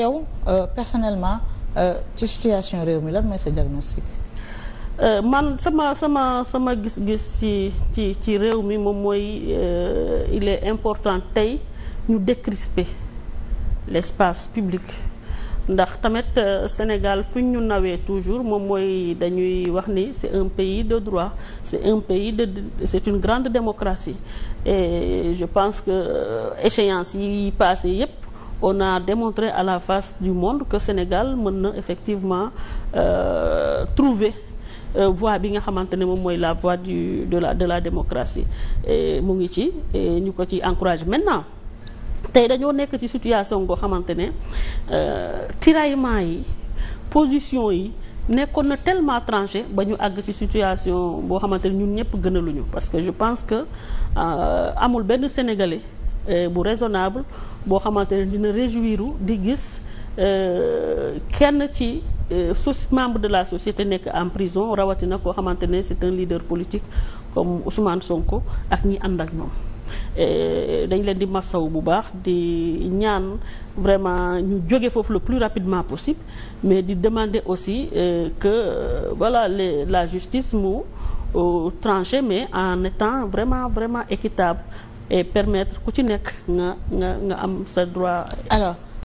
yow euh, personnellement euh, ci situation réew mi lan mooy sa diagnostic. Euh, man sama sama sama gis-gis ci ci ci réew mi moom mooy il est important tey ñu décrisper l'espace public ndax tamit Sénégal fu ñu nawee toujours moom mooy dañuy wax ni c'est un pays de droit c'est un pays de c'est une grande démocratie e je pense que échéance yi passé yépp on a démontré à la face du monde que Sénégal mën na effectivement euh, trouver euh, voie bi nga xamante ne moom mooy la voie du de la de la démocratie et mu ngi ci ñu ko ci encouragé maintenant tey dañoo nekk ci situation boo xamante ne euh, tiraillement yi position yi nekkoon na telement tranché ba ñu àgg ci situation boo xamante ne ñun ñëpp gënaluñu parce que je pense que euh, amul benn sénégalais. Euh, bu raisonnable boo xamante ne dina réjouir di gis euh, kenn ci euh, sus membre de la société nekk en prison rawatina koo xamante ne c'est un leader politique comme Ousmane Sonko ak ñi ànd ak ñoom dañ leen di massaw bu baax di ñaan vraiment ñu jóge foofu le plus rapidement possible mais di demander aussi que voilà les la justice mu trancher mais en étant vraiment vraiment équitable et permettre ku ci nekk nga nga nga am sa droit. alors